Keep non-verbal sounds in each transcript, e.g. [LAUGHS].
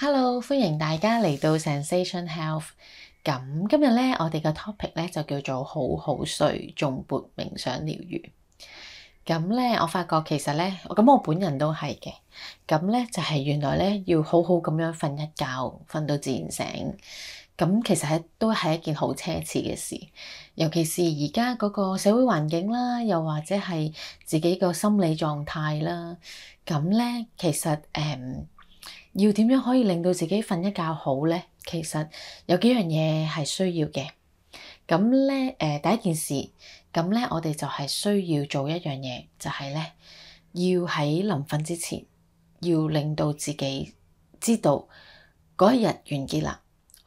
Hello，歡迎大家嚟到 Zensation Health。咁今日咧，我哋嘅 topic 咧就叫做好好睡，頌缽冥想療癒。咁咧，我發覺其實咧，咁我本人都係嘅。咁咧就係、是、原來咧要好好咁樣瞓一覺，瞓到自然醒。咁其實係都係一件好奢侈嘅事，尤其是而家嗰個社會環境啦，又或者係自己個心理狀態啦。咁咧，其實誒。嗯要點樣可以令到自己瞓一覺好咧？其實有幾樣嘢係需要嘅。咁咧，誒、呃、第一件事，咁咧，我哋就係需要做一樣嘢，就係、是、咧要喺臨瞓之前，要令到自己知道嗰一日完結啦。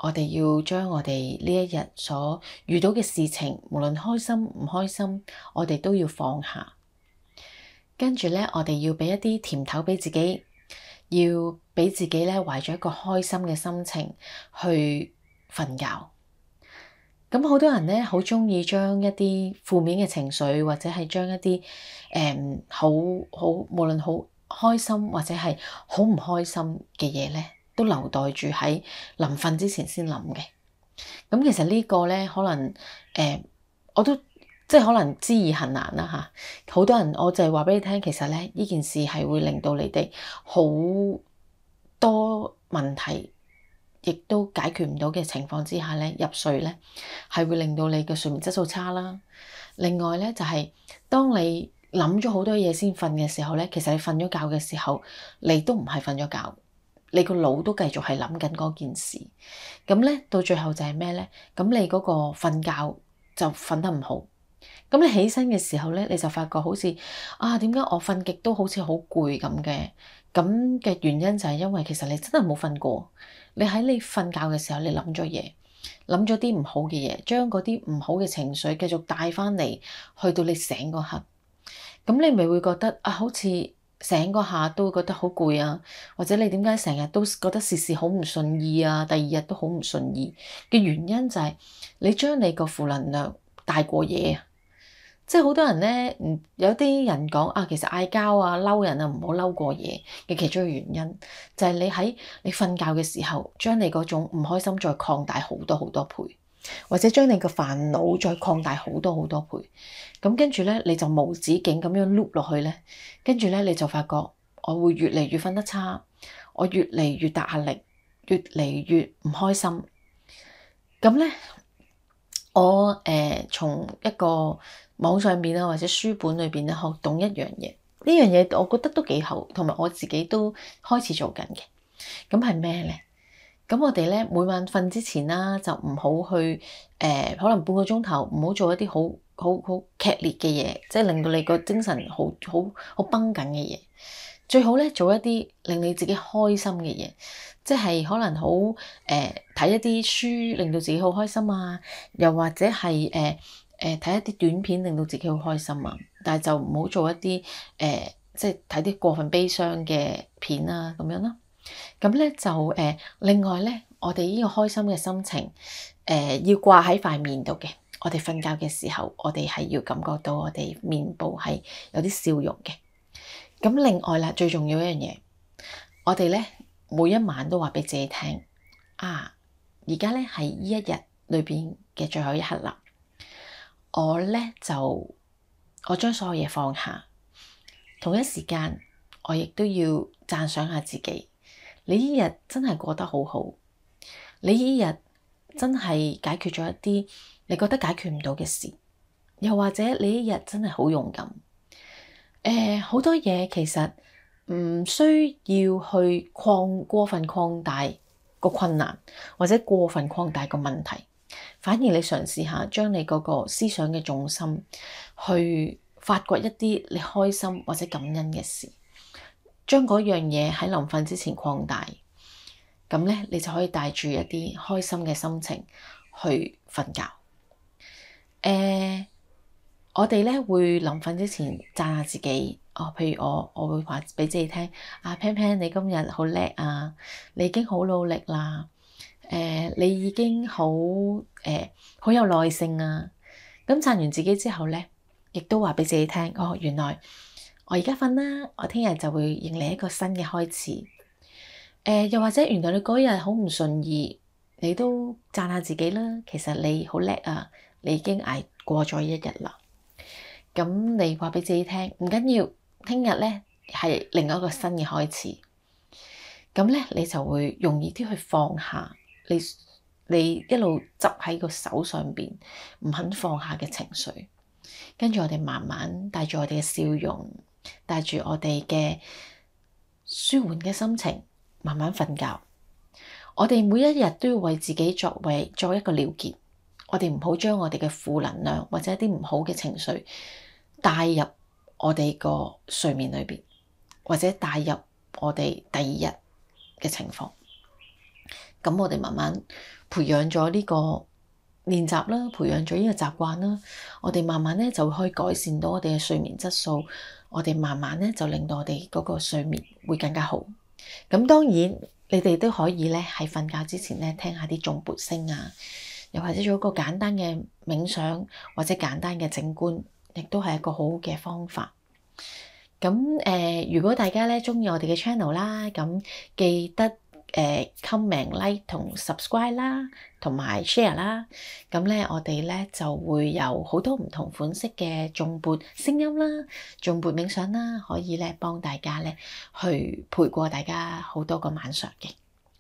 我哋要將我哋呢一日所遇到嘅事情，無論開心唔開心，我哋都要放下。跟住咧，我哋要俾一啲甜頭俾自己，要。俾自己咧，懷咗一個開心嘅心情去瞓覺。咁、嗯、好多人咧，好中意將一啲負面嘅情緒，或者係將一啲誒、嗯、好好，無論好開心或者係好唔開心嘅嘢咧，都留待住喺臨瞓之前先諗嘅。咁、嗯、其實個呢個咧，可能誒、嗯，我都即係可能知易行難啦吓。好多人，我就係話俾你聽，其實咧呢件事係會令到你哋好。多問題亦都解決唔到嘅情況之下咧，入睡咧係會令到你嘅睡眠質素差啦。另外咧就係，當你諗咗好多嘢先瞓嘅時候咧，其實你瞓咗覺嘅時候，你都唔係瞓咗覺，你個腦都繼續係諗緊嗰件事。咁咧到最後就係咩咧？咁你嗰個瞓覺就瞓得唔好。咁你起身嘅時候咧，你就發覺好似，啊，點解我瞓極都好似好攰咁嘅。咁嘅原因就係因為其實你真係冇瞓過，你喺你瞓覺嘅時候你諗咗嘢，諗咗啲唔好嘅嘢，將嗰啲唔好嘅情緒繼續帶翻嚟去到你醒嗰刻，咁你咪會覺得啊，好似醒嗰下都會覺得好攰啊，或者你點解成日都覺得事事好唔順意啊，第二日都好唔順意嘅原因就係你將你個負能量帶過夜。即係好多人咧，嗯，有啲人講啊，其實嗌交啊、嬲人啊，唔好嬲過夜，嘅其中一個原因，就係、是、你喺你瞓覺嘅時候，將你嗰種唔開心再擴大好多好多倍，或者將你個煩惱再擴大好多好多倍，咁跟住咧你就無止境咁樣碌落去咧，跟住咧你就發覺我會越嚟越瞓得差，我越嚟越大壓力，越嚟越唔開心，咁咧。我誒從、呃、一個網上邊啦，或者書本裏邊咧學懂一樣嘢，呢樣嘢我覺得都幾好，同埋我自己都開始做緊嘅。咁係咩咧？咁我哋咧每晚瞓之前啦，就唔好去誒，可能半個鐘頭唔好做一啲好好好劇烈嘅嘢，即係令到你個精神好好好繃緊嘅嘢。最好咧做一啲令你自己開心嘅嘢，即係可能好誒睇一啲書令到自己好開心啊，又或者係誒誒睇一啲短片令到自己好開心啊，但係就唔好做一啲誒、呃、即係睇啲過分悲傷嘅片啊咁樣囉、啊。咁咧就誒、呃、另外咧，我哋呢個開心嘅心情誒、呃、要掛喺塊面度嘅。我哋瞓覺嘅時候，我哋係要感覺到我哋面部係有啲笑容嘅。咁另外啦，最重要一樣嘢，我哋咧每一晚都話俾自己聽，啊，而家咧係呢一日裏邊嘅最後一刻啦，我咧就我將所有嘢放下，同一時間我亦都要讚賞下自己，你呢日真係過得好好，你呢日真係解決咗一啲你覺得解決唔到嘅事，又或者你呢日真係好勇敢。誒，好多嘢其實唔需要去擴過分擴大個困難，或者過分擴大個問題。反而你嘗試下，將你嗰個思想嘅重心去發掘一啲你開心或者感恩嘅事，將嗰樣嘢喺臨瞓之前擴大，咁咧你就可以帶住一啲開心嘅心情去瞓覺。誒、呃。我哋咧會臨瞓之前讚下自己哦，譬如我，我會話俾自己聽：啊，PAN PAN，你今日好叻啊！你已經好努力啦。誒、呃，你已經好誒，好、呃、有耐性啊。咁讚完自己之後咧，亦都話俾自己聽：哦，原來我而家瞓啦，我聽日就會迎嚟一個新嘅開始。誒、呃，又或者原來你嗰日好唔順意，你都讚下自己啦。其實你好叻啊，你已經捱過咗一日啦。咁你話俾自己聽，唔緊要，聽日咧係另外一個新嘅開始。咁咧，你就會容易啲去放下你你一路執喺個手上邊唔肯放下嘅情緒。跟住我哋慢慢帶住我哋嘅笑容，帶住我哋嘅舒緩嘅心情，慢慢瞓覺。我哋每一日都要為自己作為作一個了結。我哋唔好將我哋嘅負能量或者一啲唔好嘅情緒。帶入我哋個睡眠裏邊，或者帶入我哋第二日嘅情況。咁我哋慢慢培養咗呢個練習啦，培養咗呢個習慣啦。我哋慢慢咧就可以改善到我哋嘅睡眠質素。我哋慢慢咧就令到我哋嗰個睡眠會更加好。咁當然，你哋都可以咧喺瞓覺之前咧聽下啲頌缽聲啊，又或者做一個簡單嘅冥想，或者簡單嘅靜觀，亦都係一個好嘅方法。咁誒、呃，如果大家咧中意我哋嘅 channel 啦，咁記得誒 comment like 同 subscribe 啦，同埋 share 啦。咁咧，我哋咧就會有好多唔同款式嘅頌缽聲音啦，頌缽冥想啦，可以咧幫大家咧去陪過大家好多個晚上嘅，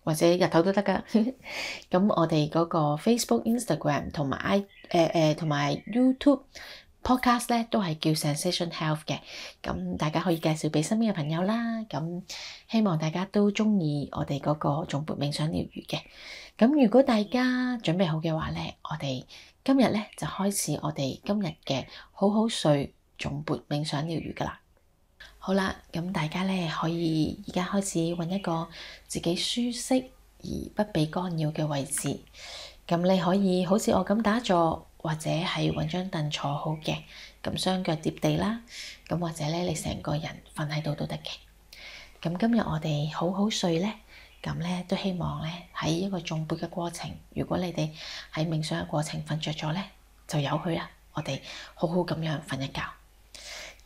或者日頭都得噶。咁 [LAUGHS] 我哋嗰個 Facebook、呃、Instagram 同埋 I 誒誒同埋 YouTube。Podcast 咧都係叫 Sensation Health 嘅，咁大家可以介紹俾身邊嘅朋友啦。咁希望大家都中意我哋嗰個頌缽冥想療癒嘅。咁如果大家準備好嘅話咧，我哋今日咧就開始我哋今日嘅好好睡頌缽冥想療癒噶啦。好啦，咁大家咧可以而家開始揾一個自己舒適而不被干擾嘅位置。咁你可以好似我咁打坐。或者係揾張凳坐好嘅，咁雙腳貼地啦，咁或者咧你成個人瞓喺度都得嘅。咁今日我哋好好睡咧，咁咧都希望咧喺一個頌缽嘅過程，如果你哋喺冥想嘅過程瞓着咗咧，就有佢啦。我哋好好咁樣瞓一覺。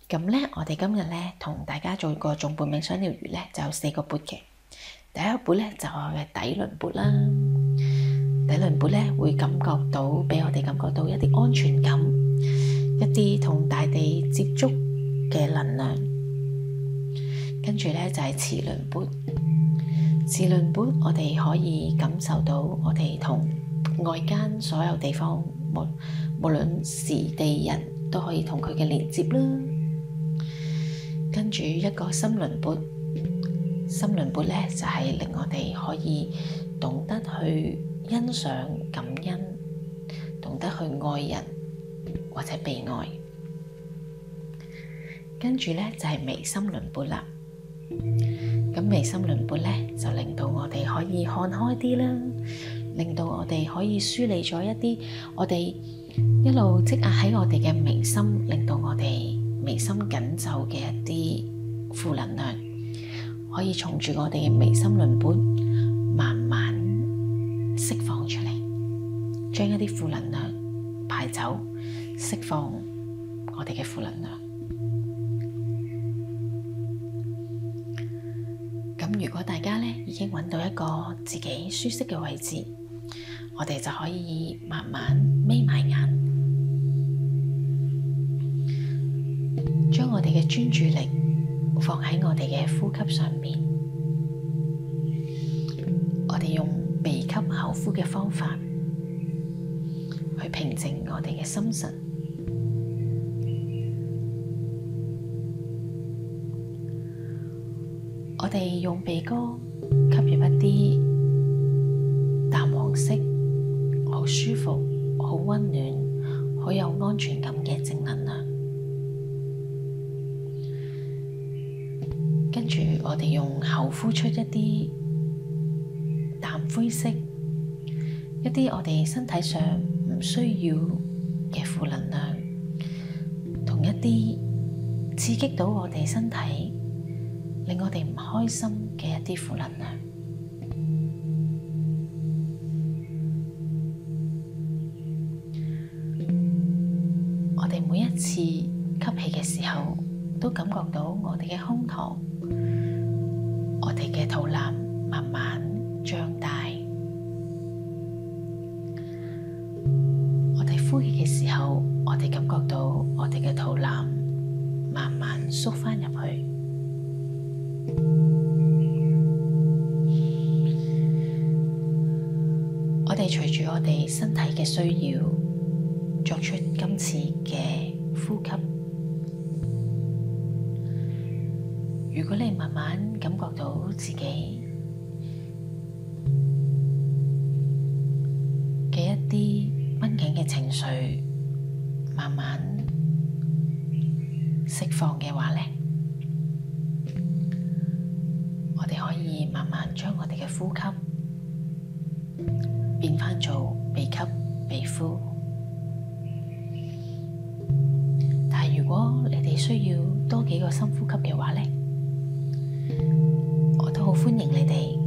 咁咧，我哋今日咧同大家做一個頌缽冥想療癒咧，就有四個缽嘅。第一缽咧就係底輪缽啦。底輪缽咧會感覺到畀我哋感覺到一啲安全感，一啲同大地接觸嘅能量，跟住咧就係磁輪缽。磁輪缽我哋可以感受到我哋同外間所有地方，無無論時地人都可以同佢嘅連接啦。跟住一個心輪缽，心輪缽咧就係、是、令我哋可以懂得去欣賞、感恩、懂得去愛人或者被愛，跟住咧就係眉心輪缽啦。咁眉心輪缽咧就令到我哋可以看開啲啦，令到我哋可以梳理咗一啲我哋一路積壓喺我哋嘅眉心，令到我哋眉心緊皺嘅一啲負能量，可以從住我哋嘅眉心輪缽。將一啲負能量排走，釋放我哋嘅負能量。咁如果大家咧已經揾到一個自己舒適嘅位置，我哋就可以慢慢眯埋眼，將我哋嘅專注力放喺我哋嘅呼吸上面。我哋用鼻吸口呼嘅方法。平靜我哋嘅心神，我哋用鼻哥吸入一啲淡黃色，好舒服、好温暖、好有安全感嘅正能量。跟住我哋用口呼出一啲淡灰色，一啲我哋身體上。唔需要嘅負能量，同一啲刺激到我哋身體，令我哋唔開心嘅一啲負能量。我哋每一次吸氣嘅時候，都感覺到我哋嘅胸膛，我哋嘅肚腩。我哋感覺到我哋嘅肚腩慢慢縮翻入去，我哋隨住我哋身體嘅需要作出今次嘅呼吸。如果你慢慢感覺到自己。慢慢釋放嘅話呢，我哋可以慢慢將我哋嘅呼吸變翻做鼻吸鼻呼。但係如果你哋需要多幾個深呼吸嘅話呢，我都好歡迎你哋。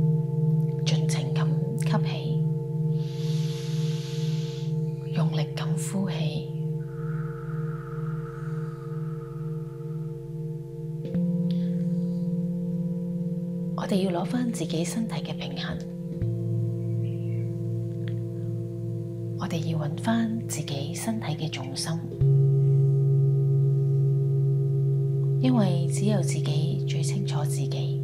自己身體嘅平衡，我哋要揾返自己身體嘅重心，因為只有自己最清楚自己。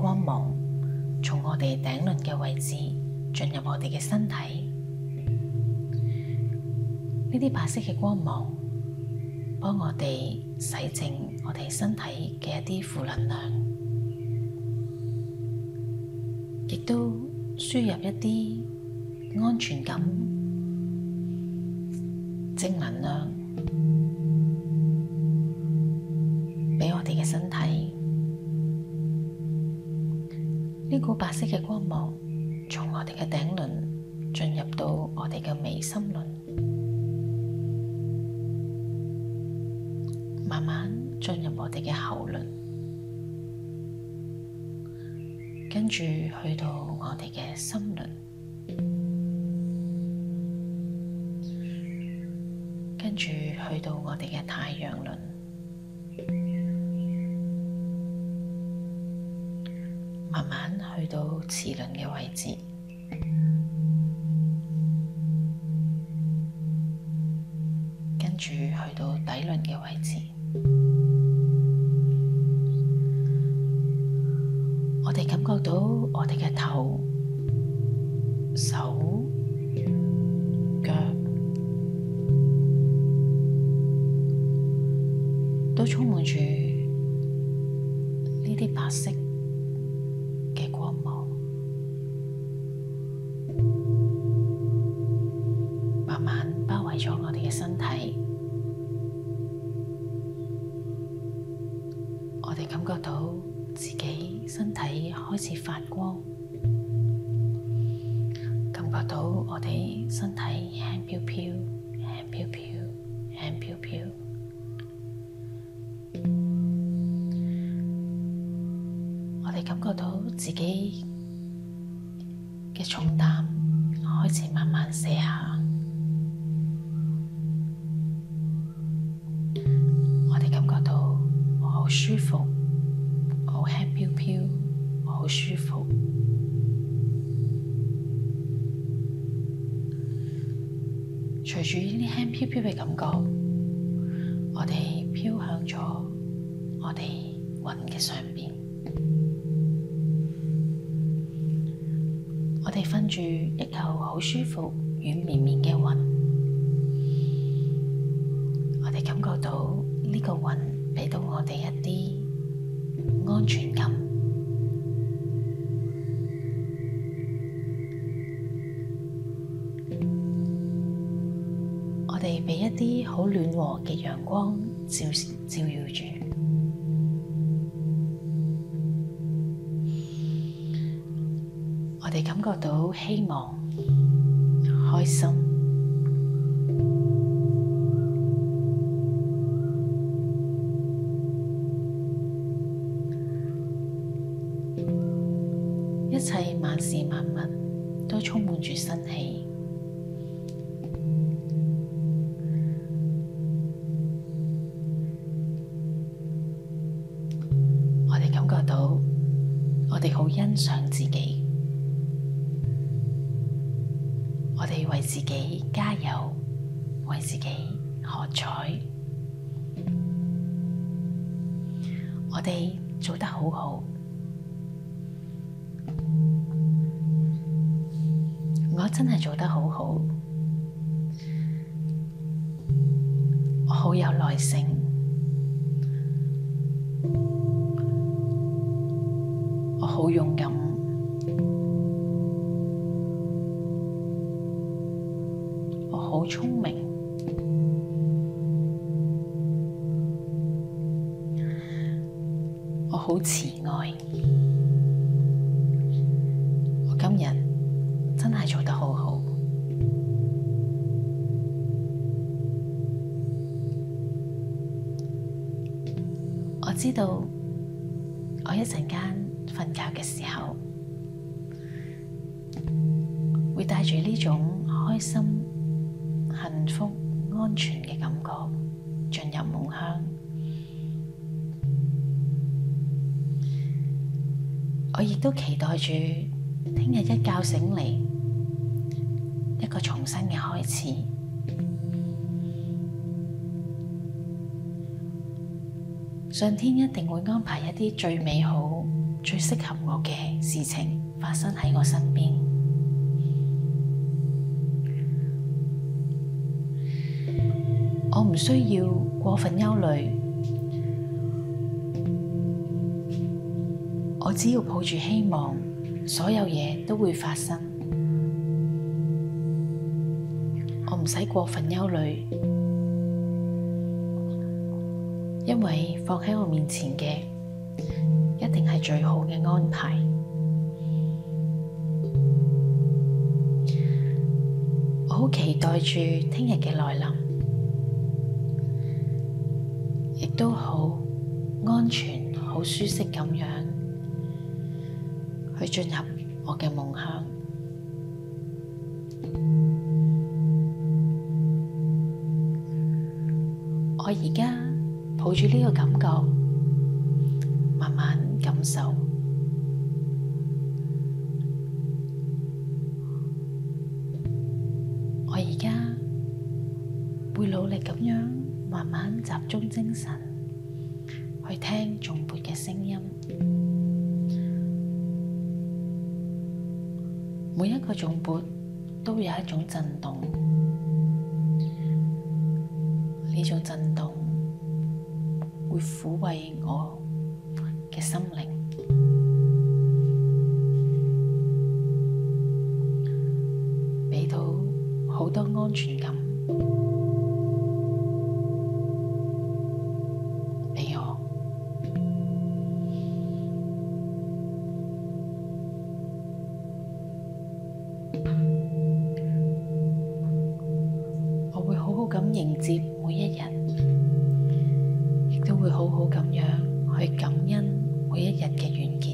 光芒從我哋頂輪嘅位置進入我哋嘅身體，呢啲白色嘅光芒幫我哋洗淨我哋身體嘅一啲負能量，亦都輸入一啲安全感、正能量。呢股白色嘅光芒，從我哋嘅頂輪進入到我哋嘅眉心輪，慢慢進入我哋嘅喉輪，跟住去到我哋嘅心輪，跟住去到我哋嘅太陽輪。慢去到齒輪嘅位置。自己嘅重擔開始慢慢卸下，我哋感覺到好舒服，好輕飄飄，好舒服。隨住呢啲輕飄飄嘅感覺，我哋飄向咗我哋雲嘅上面。好舒服，軟綿綿嘅雲，我哋感覺到呢個雲俾到我哋一啲安全感。我哋俾一啲好暖和嘅陽光照、照耀住，我哋感覺到希望。一切萬事萬物都充滿住生氣，我哋感覺到，我哋好欣賞自己。為自己加油，為自己喝彩。我哋做得好好，我真係做得好好，我好有耐性，我好勇敢。聰我好聰明，我好慈愛，我今日真係做得好好。我知道我一陣間瞓覺嘅時候，會帶住呢種開心。幸福、安全嘅感覺進入夢鄉，我亦都期待住聽日一覺醒嚟，一個重新嘅開始。上天一定會安排一啲最美好、最適合我嘅事情發生喺我身邊。唔需要過分憂慮，我只要抱住希望，所有嘢都會發生。我唔使過分憂慮，因為放喺我面前嘅一定係最好嘅安排。我好期待住聽日嘅來臨。都好安全、好舒適咁樣去進入我嘅夢鄉。我而家抱住呢個感覺，慢慢感受。我而家會努力咁樣慢慢集中精神。去聽頌缽嘅聲音，每一個頌缽都有一種震動，呢種震動會撫慰我嘅心靈，俾到好多安全感。迎接每一日，亦都會好好咁樣去感恩每一日嘅緣結。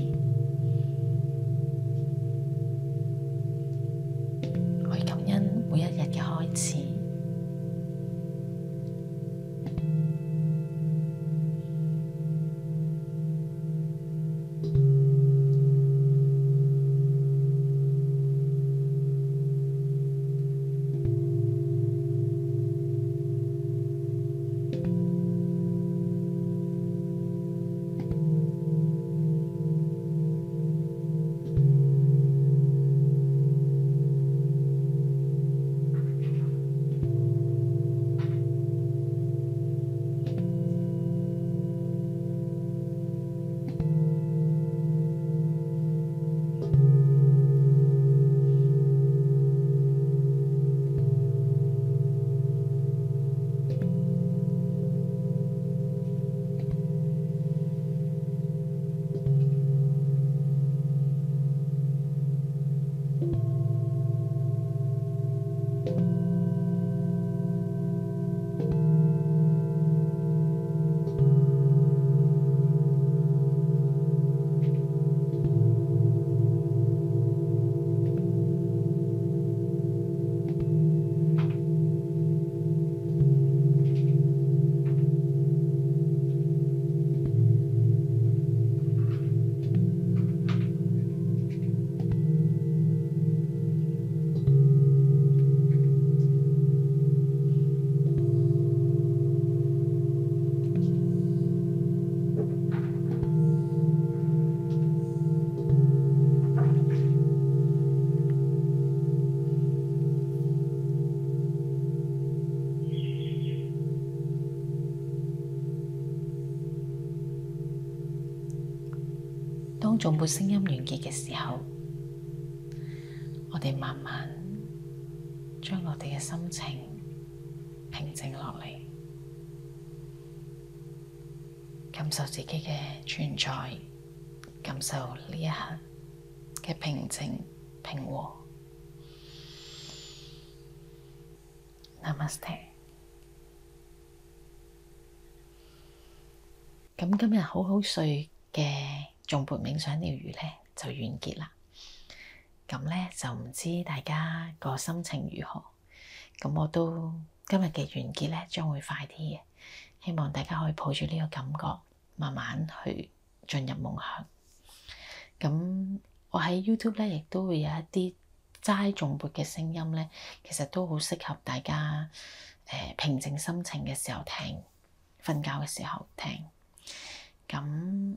頌缽聲音完結嘅時候，我哋慢慢將我哋嘅心情平靜落嚟，感受自己嘅存在，感受呢一刻嘅平靜平和。Namaste。咁今日好好睡嘅。頌缽冥想療癒咧，就完結啦。咁咧就唔知大家個心情如何。咁我都今日嘅完結咧，將會快啲嘅。希望大家可以抱住呢個感覺，慢慢去進入夢鄉。咁我喺 YouTube 咧，亦都會有一啲齋頌缽嘅聲音咧，其實都好適合大家誒、呃、平靜心情嘅時候聽，瞓覺嘅時候聽。咁。